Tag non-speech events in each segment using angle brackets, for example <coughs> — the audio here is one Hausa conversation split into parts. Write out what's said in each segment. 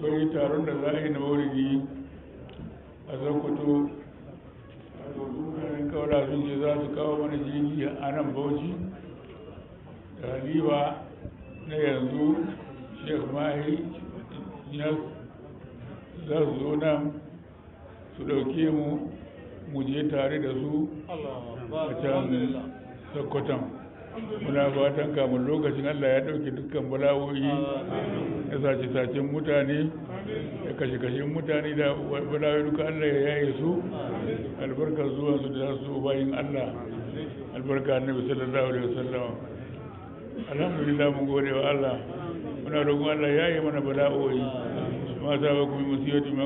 sai taron da za a yi na wurigi a sokoto a tsohon kawara sun ce za su kawo mana jini a nan bauchi da haliwa na yanzu sheikh mahi za su zo nan su ɗauke mu mu je tare da su a can sokoton muna fatan kamun lokacin allah ya ɗauki dukkan bala'o'i ya sace sacen mutane ya kashe kashe mutane da bala'o'i duka allah ya yaye su albarkar zuwa su da su bayin allah albarka annabi sallallahu alaihi wasallam alhamdulillah mun gode wa allah muna roƙon allah ya yi mana bala'o'i ma sa ba kuma musibati ma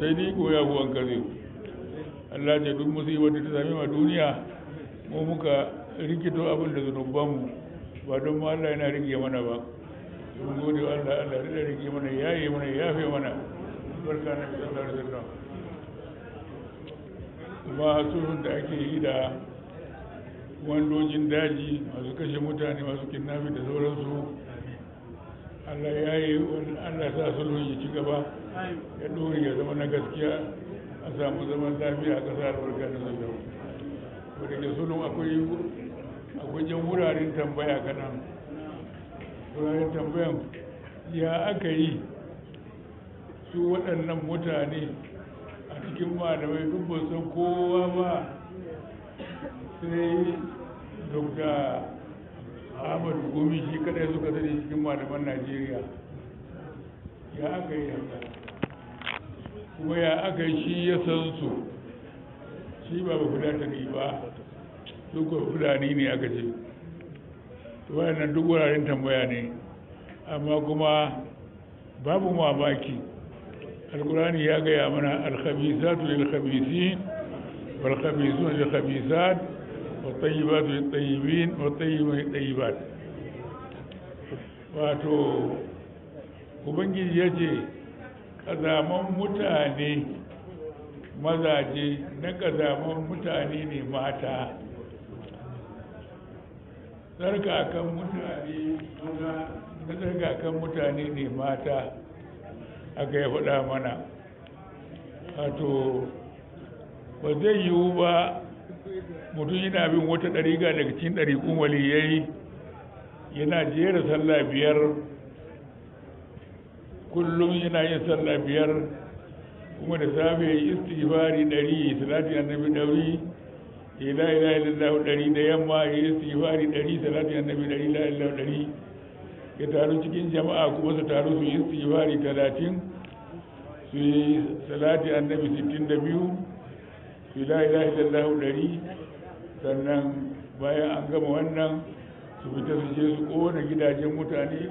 sai ni ya buwan kare Allah ce duk musibar da ta same ma duniya mu muka rikito abin da zunubanmu ba don ma Allah yana rike mana ba mun gode wa Allah Allah da rike mana ya yi mana ya fi mana barka na sallallahu alaihi wasallam kuma hasuhun da ake yi da wandojin daji masu kashe mutane masu kinnafi da sauransu Allah ya yi Allah sa su ya ci gaba ya dore ya zama na gaskiya a samu zaman lafiya a ƙasa albarka na sallallahu alaihi wasallam wadda ke sulhun akwai a wajen wuraren tambaya kana wuraren tambayan ya aka yi su waɗannan mutane a cikin malamai duk ba san kowa ba sai dr ahmadu gomi shi kadai suka sani cikin malaman najeriya ya aka yi kuma ya aka shi ya san su shi ba ba guda ta ba duk fulani ne aka ce wannan duk wuraren tambaya ne amma kuma babu mamaki alkurani ya gaya mana alkhabisatu lil khabisin wal khabisun lil khabisat wa tayyibatu lil tayyibin wa tayyibu lil tayyibat wato ubangiji ya ce kazaman mutane mazaje na kazaman mutane ne mata tsarkakan mutane na mutane ne mata aka ya faɗa mana wato ba zai yiwu ba mutum yana bin wata ɗariga daga cikin ya yi yana jera sallah biyar kullum yana yin sallah biyar kuma da safe istighfari ɗari salati bi ɗauri ila ila illallah dari da yamma ya yi istighfari dari salatu annabi dari ila illallah dari ya taru cikin jama'a kuma su taru su yi istighfari talatin su yi salati annabi sittin da biyu su ila ila illallah dari sannan bayan an gama wannan su fita su je su kona gidajen mutane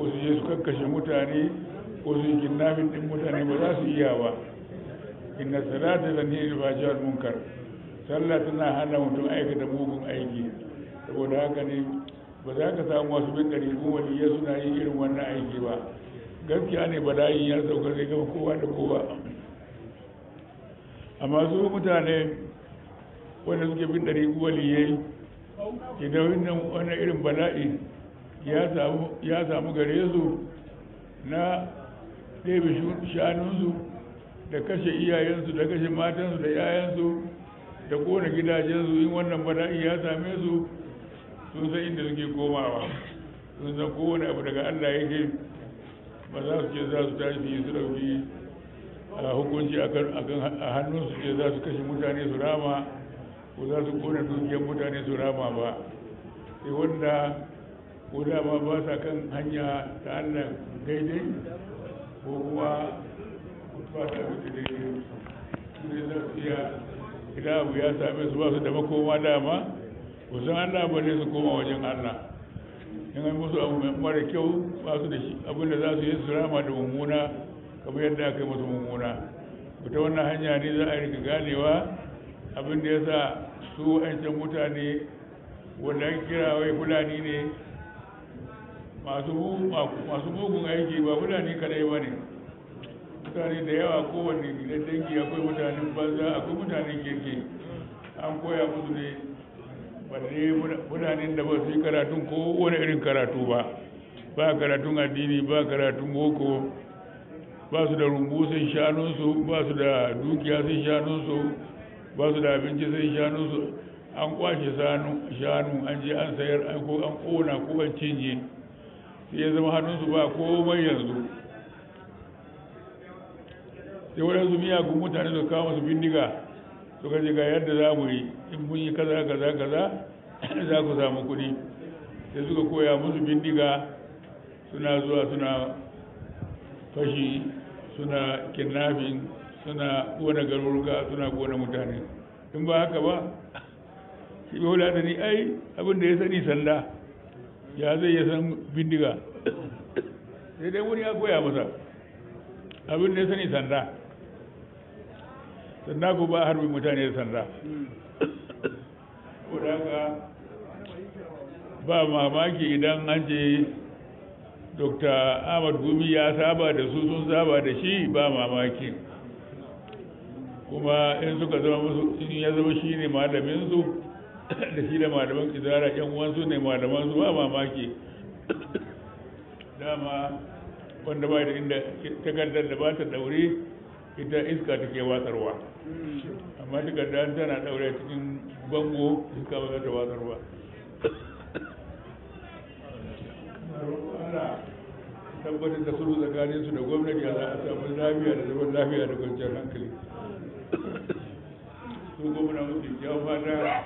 ko su je su kakkashe mutane ko su yi kinnafin ɗin mutane ba za su iya ba inna salata tanhiru fajr munkar sallah tana hana mutum aikata mugun aiki saboda haka ne ba za ka samu wasu bin ɗari ko waliyya suna yin irin wannan aiki ba gaskiya ne bala'in ya sauka zai gama kowa da kowa amma su mutane wanda suke bin ɗari ko waliyya idan wannan wannan irin bala'i ya samu gare su na ɗebe shanunsu da kashe iyayensu da kashe matansu da yayansu ta kona gidajensu in wannan bala'i ya same su sun san inda suke komawa sun san kowane abu daga allah yake ba za su ce za su tashi su ɗauki hukunci a hannun su ce za su kashe mutane su rama ko za su kona dukiyar mutane su rama ba sai wanda ko dama ba sa kan hanya ta allah daidai ko kuma ba ta wuce daidai ne za su iya idan abu ya same su ba su da makoma dama ba san Allah ba ne su koma wajen Allah in an musu abu mai mara kyau ba su da shi abin da za su yi su rama da mummuna kamar yadda aka yi musu mummuna ta wannan hanya ne za a rika ganewa abin da ya sa su wa'ancan mutane wanda ya kira wai fulani ne masu mugun aiki ba fulani kadai ba ne mutane da yawa kowane gidan dangi akwai mutanen banza akwai mutanen kirki an koya musu ne balle mutanen da ba su yi karatun ko wani irin karatu ba ba karatun addini ba karatun boko ba su da rumbu sun shanunsu ba su da dukiya sun shanunsu ba su da abinci sun shanunsu an kwashe shanu an je an sayar ko an kona ko an cinye sai ya zama hannunsu ba komai yanzu sai waɗansu miyagun mutane su kawo masu bindiga su kaji ga yadda za mu yi in mun yi kaza kaza kaza <coughs> za ku samu kuɗi sai suka koya musu bindiga suna zuwa suna fashi suna kidnapping suna kona garuruka suna kona mutane in ba haka ba shi bai wula da ni ai abin da ya sani sanda ya zai ya san bindiga <coughs> sai dai wani ya koya masa abin da ya sani sanda sannan ku ba harbi mutane da sanda wadanda ba mamaki idan an ce dr ahmad gumi ya saba da su sun saba da shi ba mamaki kuma in suka zama musu in ya zama shi ne malaminsu da shi da malaman izara yan uwansu ne malamansu ba mamaki dama wanda ba da inda takardar da ba ta daure ita iska take watsarwa amma takarda tana daure cikin bango iska ba ta watsarwa tabbatar da sulhu tsakanin su da gwamnati za a samu lafiya da zaman lafiya da kwanciyar hankali su gwamna musu kyawun fata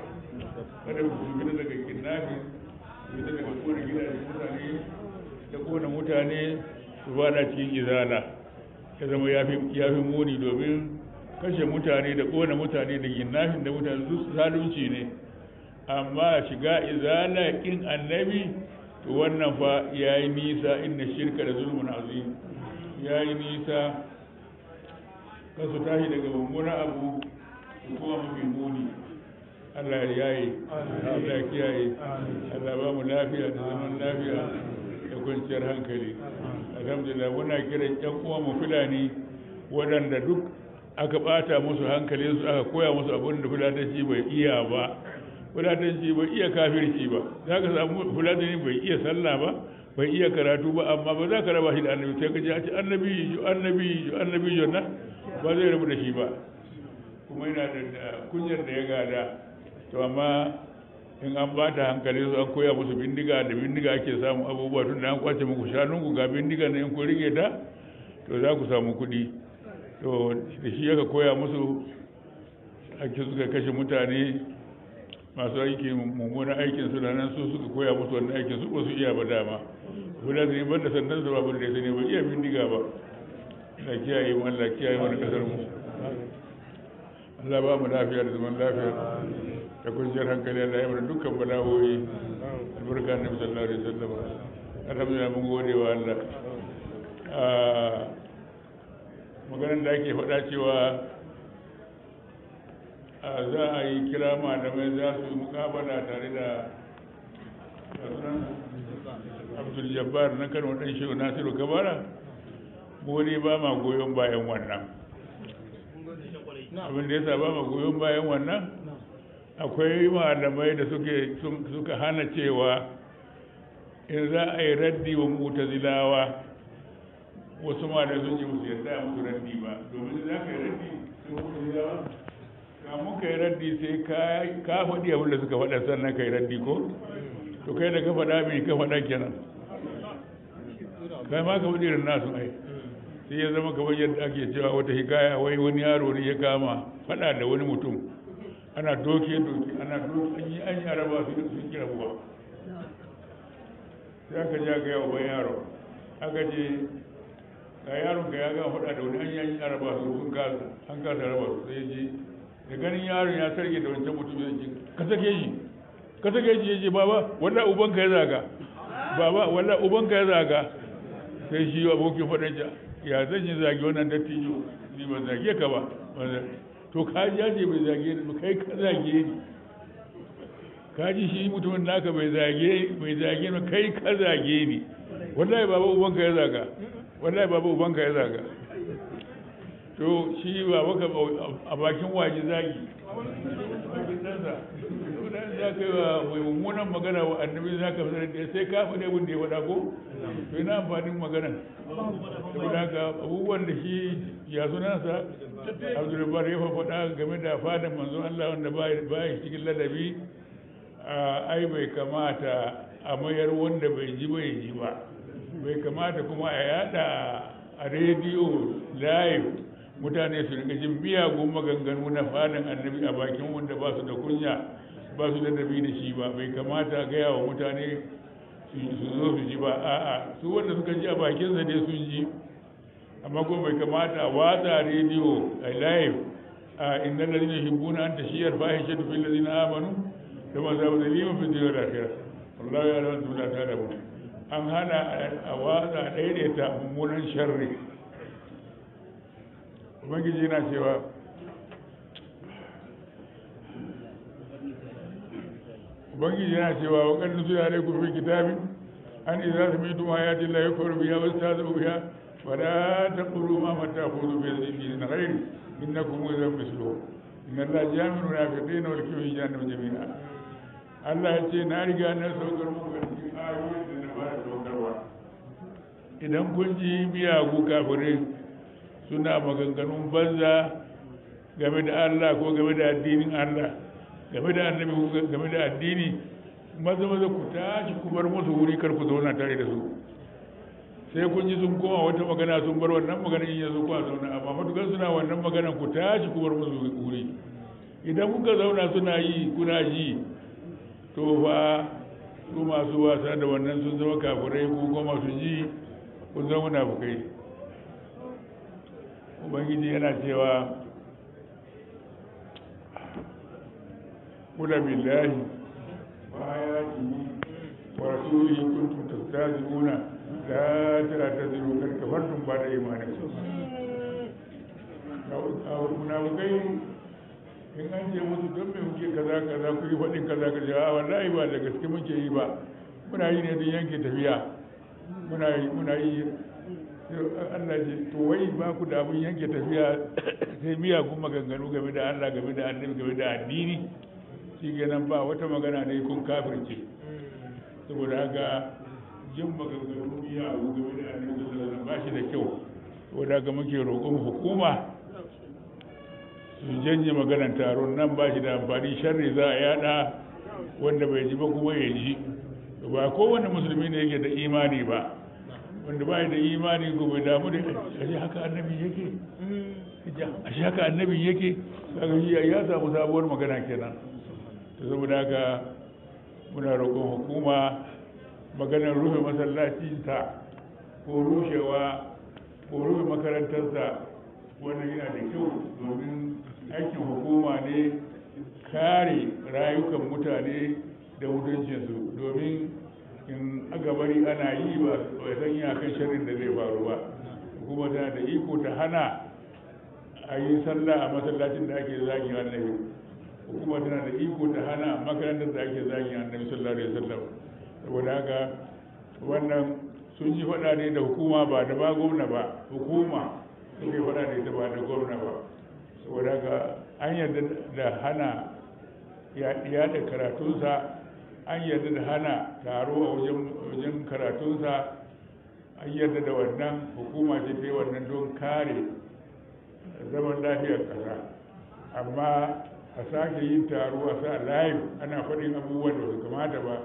kada ku gina daga su da daga kone da mutane da kone mutane su ba na cikin gizana. ya zama ya fi muni domin kashe mutane da ƙona mutane da ginnafin da mutane su zalunci ne amma shiga izala in annabi to wannan fa ya yi nisa inna shirka da zulmun azim ya yi nisa kasu tashi daga mummuna abu su kuma mafi muni Allah ya yi Allah ya kiyaye Allah ba mu lafiya da zaman lafiya da kwanciyar hankali alhamdulillah muna kiran ƴan uwa mu fulani waɗanda duk aka ɓata musu hankali su aka koya musu abin da fulatanci bai iya ba fulatanci bai iya kafirci ba za ka samu fulatanci bai iya sallah ba bai iya karatu ba amma ba za ka raba shi da annabi sai ka ji a ce annabi ju annabi ju annabi ju na ba zai rabu da shi ba kuma yana da kunyar da ya gada to amma in an ba ta hankali su an koya musu bindiga da bindiga ake samun abubuwa tun da an kwace muku shanunku ga bindiga na in ku rike ta to za ku samu kuɗi to da shi aka koya musu ake suka kashe mutane masu aiki mummuna aikin su nan su suka koya musu wannan aikin su ba su iya ba dama guda su ne ban da sandan su babu da ne ba iya bindiga ba da kiyaye mu Allah kiyaye kasar mu Allah ba mu lafiya da zaman lafiya da kwanciyar hankali Allah ya mana dukkan bala'o'i albarka na sallallahu zama, a alhamdulillah mun gode wa Allah ah, maganar da ake faɗa cewa ah, za a yi kira malamai za su yi mukabala tare da abdul jabbar na kano dan shehu nasiru kabara gode ba ma goyon bayan wannan abin da ya sa ba ma goyon bayan wannan akwai malamai da suke suka hana cewa in za a yi raddi wa mutazilawa wasu malamai sun ce musu yarda mutu raddi ba domin za ka yi raddi sun mutazilawa kamun ka yi raddi sai ka faɗi abin da suka faɗa sannan ka yi raddi ko to kai da ka faɗa mai ka faɗa kenan kai ma ka faɗi irin nasu ai sai ya zama kamar yadda ake cewa wata hikaya wai wani yaro ne ya kama faɗa da wani mutum ana doke doke ana doke an yi an yi araba su sun kira buwa sai aka a gaya wa yaro aka je ga yaron ka ya ga hudu da wani an yi an yi araba su kun kasa an kasa araba su sai je da ganin yaron ya sarge da wancan mutum ya ji ka sake shi ka sake shi ya ce baba walla ubanka ya zaga baba wanda ubanka ya zaga sai shi abokin faɗa ya zan yi zagi wannan dattijo ni ban zage ka ba to ka ji yaje bai zage ni kai ka zage ni ka ji shi mutumin naka bai zage bai zage ni kai ka zage ni wallahi baba ubanka ya zaga wallahi baba ubanka ya zaga to shi baba ka a bakin waje zagi in za ka yi wa mai mummunan magana wa annabi za ka fitar da sai ka faɗi abin da ya faɗa ko to yana amfanin maganan saboda haka abubuwan da shi ya sa abdulbar ya faɗa game da fadan manzon Allah wanda ba ya cikin ladabi ai bai kamata a mayar wanda bai ji bai ji ba bai kamata kuma a yada a rediyo live mutane su rika jin miyagun maganganu na fadan annabi a bakin wanda ba su da kunya ba su dabi da shi ba bai kamata gaya wa mutane su zo su ji ba a'a su wanda suka ji a bakinsa ne sun ji amma kuma bai kamata a watsa rediyo a live a inda lalina hibbuna an tashiyar fahishe tufin lalina amanu da masu abu da lima fi jirar lafiya wallahi ya lalata mula ta da an hana a watsa a daidaita mummunan sharri ubangiji yana cewa ubangiji yana cewa wa kan nusu yare ku fi kitabi an idza samitu ayati la yakfuru biha wastazu biha wa la taqulu ma matakhudhu bi dinin ghayr innakum idza misluhu inna la jami'u munafiqina wal kafirina jahannam jami'a Allah ya ce na riga na saukar muku da cikin ayoyin da na fara saukarwa idan kun ji miyagu kafirai suna maganganun banza game da Allah ko game da addinin Allah game da annabi game da addini maza maza ku tashi ku bar musu wuri kar ku zauna tare da su sai kun ji sun koma wata magana sun bar wannan maganar in yanzu kuwa a zauna amma matukar suna wannan maganar ku tashi ku bar musu wuri idan kuka zauna suna yi kuna yi to fa su masu wasa da wannan sun zama kafirai ko kuma masu ji kun zama munafukai ubangiji yana cewa قل بالله وآياته ورسوله كنتم تستهزئون لا تعتذروا قد كفرتم بعد إيمانكم in an ce musu don muke kaza kaza ku yi faɗin kaza kaza a ah, wallahi ba da gaske muke yi ba muna yi ne don yanke tafiya muna yi muna yi Allah ce to wai ba ku da abin yanke tafiya sai miyagun maganganu game da Allah game da annabi game da addini shi ganin ba wata magana ne kun kafirce saboda haka jin maganganu ya abu game da annabi sallallahu ba shi da kyau saboda ga muke roƙon hukuma su janye maganar taron nan ba shi da amfani sharri za a yada wanda bai ji ba kuma ya ji ba kowane musulmi ne yake da imani ba wanda ba da imani ko bai damu da ashe haka annabi yake mm. ashe haka annabi yake kaga ya samu sabuwar magana kenan saboda ga muna roƙon hukuma maganar rufe masallacinta ko rushewa ko rufe makarantarsa wannan yana da kyau domin aikin hukuma ne kare rayukan mutane da mutuncinsu domin in aka bari ana yi ba bai san iyakan shirin da zai faru ba hukuma tana da iko ta hana a yi sallah a masallacin da ake zagi yau. hukuma tana da iko ta hana makarantar da ake a annabi sallallahu alaihi wasallam saboda haka wannan sun yi faɗa ne da hukuma ba da ba gwamna ba hukuma sun yi faɗa ne da ba da gwamna ba saboda haka an yarda da hana ya da karatunsa an yarda da hana taro a wajen karatunsa an yarda da wannan hukuma ce ta wannan don kare zaman lafiyar ƙasa amma a sake yin taro a sa live ana faɗin abubuwan da su kamata ba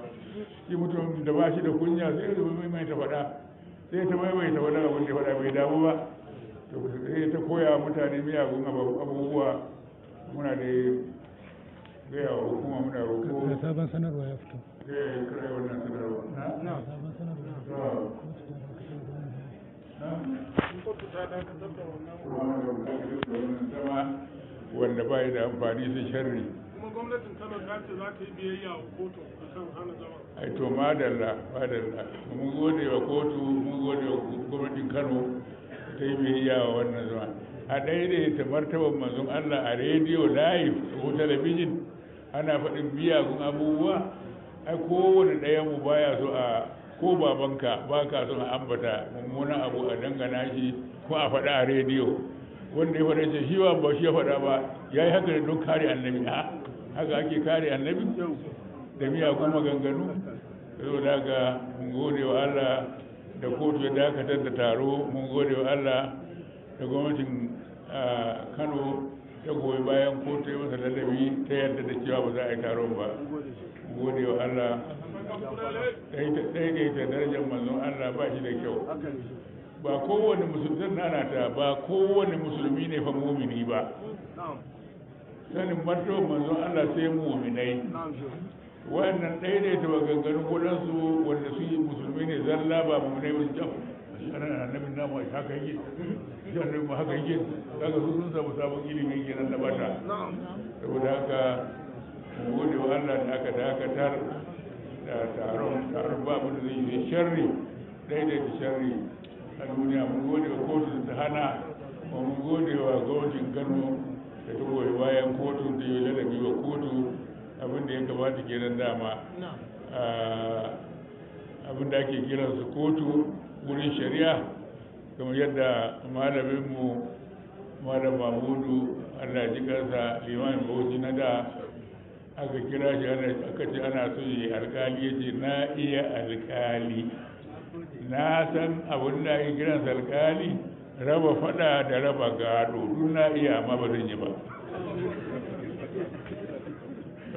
shi mutum da ba shi da kunya sai ya zama mai ta faɗa sai ta mai mai ta faɗa abin da faɗa bai damu ba to sai ta koya mutane miyagun abubuwa muna da gaya wa hukuma muna roƙo da sabon sanarwa ya fito eh kare wannan sanarwa na sabon sanarwa ah. na ta da wannan wanda ba da amfani sun sharri kuma gwamnatin kano ta ce za ta yi biyayya wa kotu a kan hana zama ai to madalla madalla mun gode wa kotu mun gode wa gwamnatin kano ta yi biyayya wa wannan zama a daidaita martaban manzon allah a rediyo live ko talabijin ana faɗin biyagun abubuwa ai kowane ɗaya mu baya so a ko babanka ba ka so a ambata mummunan abu a dangana shi ko a faɗa a rediyo wanda ya faɗa shi ba ba shi ya faɗa ba ya yi haka don kare annabi ha haka ake kare annabi da miyagun maganganu saboda haka mun gode wa Allah da kotu ya dakatar da taro mun gode wa Allah da gwamnatin Kano ta goyi bayan kotu ya masa ladabi ta yadda da cewa ba za a yi taron ba gode wa Allah ɗaiɗaita darajar manzon Allah ba shi da kyau ba kowane musulmi nana ta ba kowane musulmi ne fa mumini ba sanin mato, manzon Allah sai muminai wannan ɗaya ne ta maganganun su wanda su yi musulmi ne zalla ba muminai wasu jam ana annabin namu a haka yi jarri mu haka yi daga su sun samu sabon ilimin kenan na bata saboda haka gode wa Allah da aka dakatar da taron taron babu da zai yi sharri ɗaya da sharri a duniya mun gode wa kotun ta hana wa mun gode wa gwamnatin kano da ta goyi bayan kotun da yi ladabi wa kotu abin da ya kamata kenan dama abin da ake kiransu kotu wurin shari'a kamar yadda malaminmu malam mahmudu allah ji kansa liman bauchi na da aka kira shi aka ce ana so yi alkali ya ce na iya alkali na san abin da ake kiran salkali raba fada da raba gado na iya amma ba zan yi ba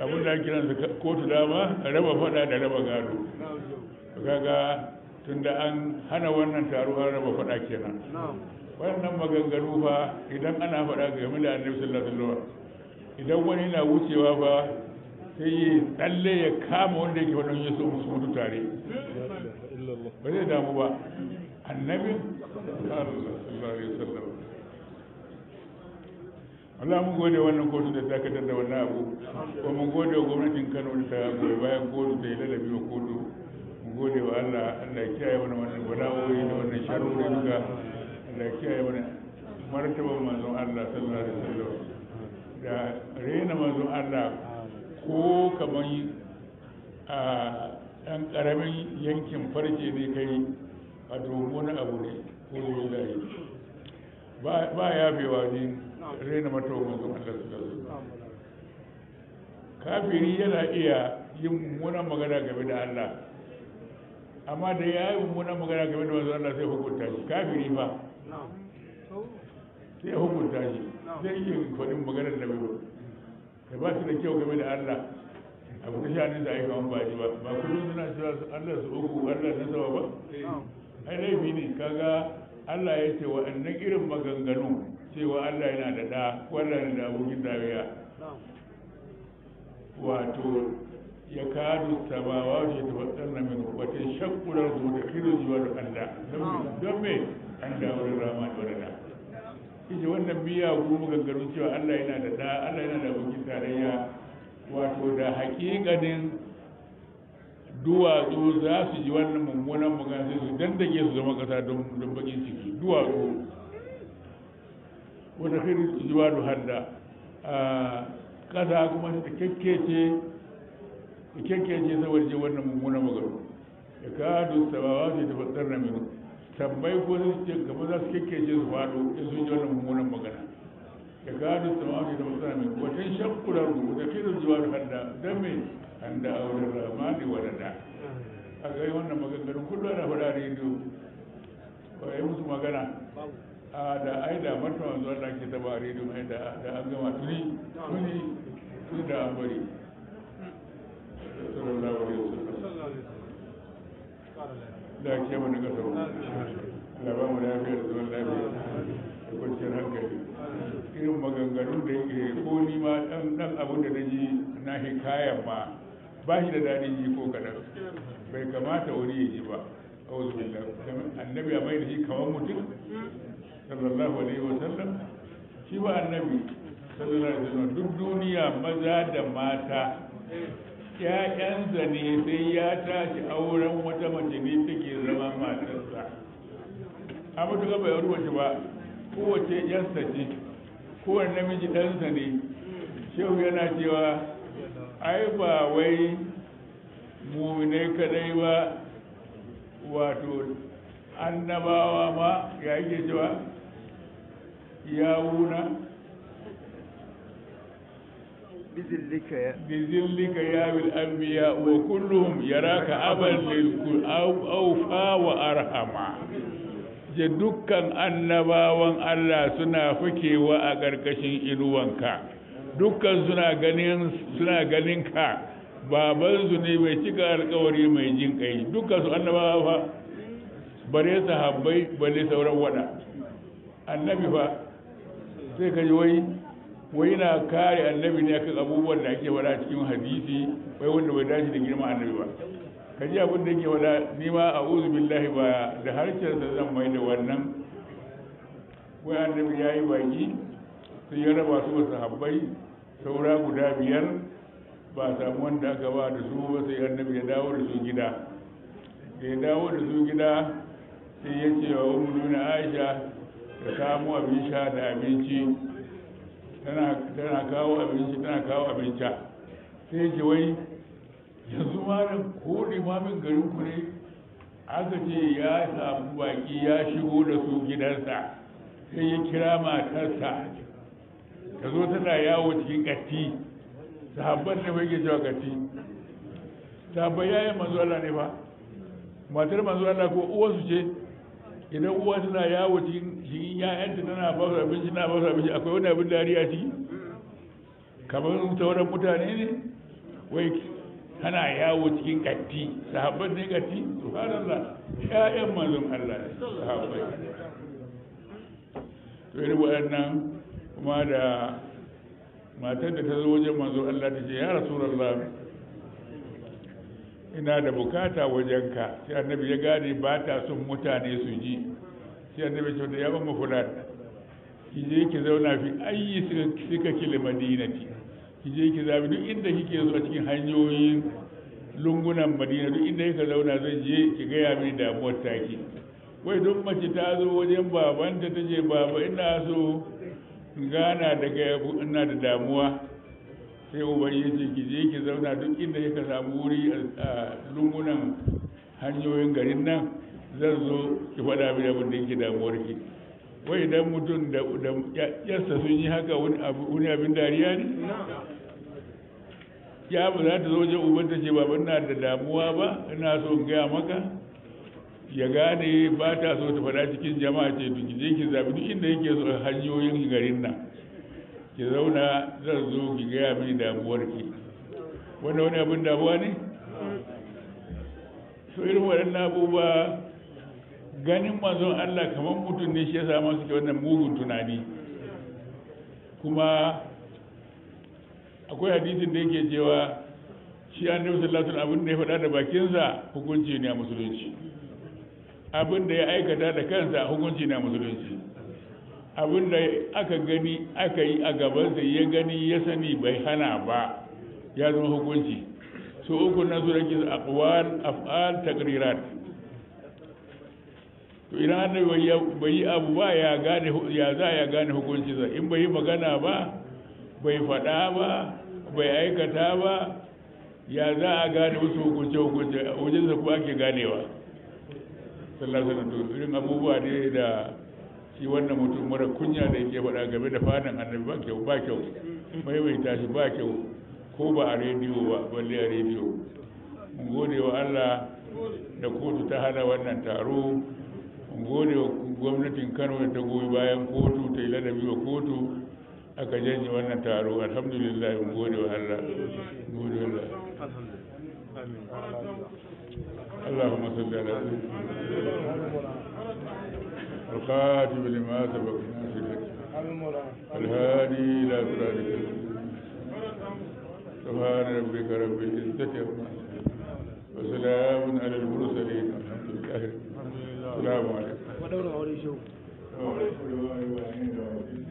abin da ake kiran kotu dama raba fada da raba gado kaga tun da an hana wannan taro an raba fada kenan wannan maganganu fa idan ana fada ga game da annabi sallallahu alaihi wasallam idan wani na wucewa ba sai yi tsalle ya kama wanda yake wannan ya so musu mutu tare ba zai damu ba annabi. sallallahu alaihi wasallam Allah mun gode wannan kotu da dakatar da wannan abu ko mun gode wa gwamnatin Kano da ta goyi bayan kotu da lalabi wa kotu mun gode wa Allah Allah ya kiyaye mana wannan bala'o'i da wannan sharuri duka Allah ya kiyaye mana martaba manzon Allah sallallahu alaihi wasallam da rena manzon Allah ko kaman a ah, ɗan ƙaramin yankin farce ne kai a domin abu ne ko zai ba ya bewa ne rena matomin zuwa Allah kafiri yana iya yin mummunan magana game da Allah amma da ya yi mummunan magana game da wanzu Allah sai hukunta shi kafiri ba sai hukunta shi zai yi kwanin magana da mai da ba su da kyau game da Allah abu sha'anin da aka wani baji ba ba kullum suna cewa Allah su uku Allah na sama ba ai laifi ne kaga Allah ya ce wa'annan irin maganganu cewa Allah yana da da, wannan yana da abokin dariya wato ya kadu samawa wuce ta wasan na min wata shakkular su da kiro zuwa da Allah don me an da wurin rama da wadana ita wannan biya ko maganganu cewa Allah yana da da, Allah yana da abokin tarayya wato da hakikanin duwatsu za su ji wannan mummunan magana sai su dandage su zama kasa don bakin ciki duwatsu wata kiri su ji wadu handa. kasa kuma ta kyakkece ta kyakkece saboda ji wannan mummunan magana ya kadu sabawa su ta fassar na minu tambayi ko su ce gaba za su kyakkece su fado ya su ji wannan mummunan magana da gado samari da musulmi wajen shakkular mu da kirin zuwa da handa don me handa a wurin ramani wadanda a ga wannan maganganu kullum ana faɗa rediyo ba ya musu magana a da ai da martaban zuwa da ake taba a rediyo mai da an gama tuni tuni tun da an bari sallallahu wani wasallam da ke mana kasar labarin da zuwan lafiya da kwanciyar hankali irin maganganun da yake ko ni ma dan dan abin da naji na hikaya ma ba shi da dadin ji ko kadan bai kamata wani ya ji ba kawai annabi ya bai da shi kamar mutum sallallahu alaihi wa sallam shi ba annabi sallallahu alaihi wa sallam duk duniya maza da mata ‘ya'yansa ne sai ya tashi auren wata mace ne take zama matarsa a matuƙa bai wani wace ba kowace ‘yansa ce kowane namiji ɗansa ne shehu yana cewa ai ba wai muminai kadai ba wato annabawa ma ya yake cewa ya yawuna bizillika ya bil anbiya wa kulluhum yaraka aban lil aw fa wa arhama je dukkan annabawan Allah suna fukewa a ƙarƙashin inuwanka dukkan suna ganin suna ganin ka baban su ne mai cika alkawari mai jin kai dukkan su annabawa fa bare sahabbai bare sauran wada annabi fa sai ka ji wai wai na kare annabi ne akan abubuwan da ake wada cikin hadisi wai wanda bai dace da girman annabi ba ka ji abin da yake wada ni ma a uzu billahi ba da harshen da zan mai da wannan wai annabi ya yi baki sai ya raba su wasu habbai saura guda biyar ba samu wanda aka ba da su ba sai annabi ya dawo da su gida da ya dawo da su gida sai ya ce wa umu nuna aisha ta samu abin sha da abinci tana kawo abinci tana kawo abinci sai ya ce wai yanzu malam ko limamin garin ku ne aka ce ya samu baki ya shigo da su gidansa sai ya kira matarsa ta zo tana yawo cikin gatti sahabban da bai cewa gatti sahabban yayin manzo Allah ne ba matar manzo Allah ko su ce idan uwa tana yawo cikin ya'yanta tana ba su abinci na ba su abinci akwai wani abin dariya ciki kamar ta sauran mutane ne wai kana yawo cikin kanti sahabban ne kanti subhanallah ƴaƴan manzon Allah ne sahabbai to irin waɗannan kuma da matar da ta zo wajen manzon Allah ta ce ya rasulullah ina da bukata wajenka sai annabi ya gane ba ta son mutane su ji sai annabi ce da ya ba mu fulan ki je ki zauna fi ayyi suka kila madinati ki je ki zabi duk inda kike zuwa cikin hanyoyin lungunan madina duk inda kika zauna zan je ki gaya mini damuwar taki wai duk mace ta zo wajen babanta ta ce baba ina so gana daga ina da damuwa sai uban ya ce ki je ki zauna duk inda kika samu wuri a lungunan hanyoyin garin nan zan zo ki faɗa mini abin da yake damuwar ki wai idan mutum da yarsa sun yi haka wani abin dariya ne ya ba za ta zo wajen uban ta ce baban na da damuwa ba ina so in gaya maka ya gane ba ta so ta faɗa cikin jama'a ce duk je ki zabi duk inda yake so hanyoyin garin nan ki zauna zan zo ki gaya mini ki wanda wani abin damuwa ne so irin waɗannan abubuwa ganin manzon Allah kamar mutum ne shi ya sa masu ke wannan mugun tunani kuma akwai hadisin da yake cewa shi an sallallahu sallatu abin da ya faɗa da bakinsa hukunci ne a musulunci abin da ya aikata da kansa hukunci ne a musulunci abin da aka gani aka yi a gabansa ya gani ya sani bai hana ba ya zama hukunci su uku na su rage af'al takrirat to idan annabi bai yi abu ba ya gane ya za ya gane hukuncinsa in bai yi magana ba bai faɗa ba bai aikata ba ya za a gane wasu hukunce-hukunce a wajen da ku ake ganewa sallallahu alaihi irin abubuwa ne da shi wannan mutum mara kunya da yake faɗa game da fadan annabi ba kyau ba kyau maimaita shi ba kyau ko ba a rediyo ba balle a rediyo mun gode wa Allah da kotu ta hana wannan taro mun gode wa gwamnatin Kano da ta goyi bayan kotu ta yi ladabi wa kotu aka janye wannan taro alhamdulillah mun gode wa Allah gode wa Allah اللهم صل على سيدنا القاتم لما سبق ناصرك الهادي الى صراطك سبحان ربك رب العزة عما وسلام على المرسلين الحمد لله السلام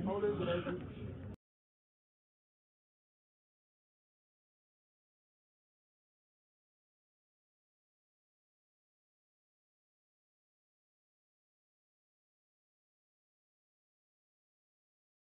عليكم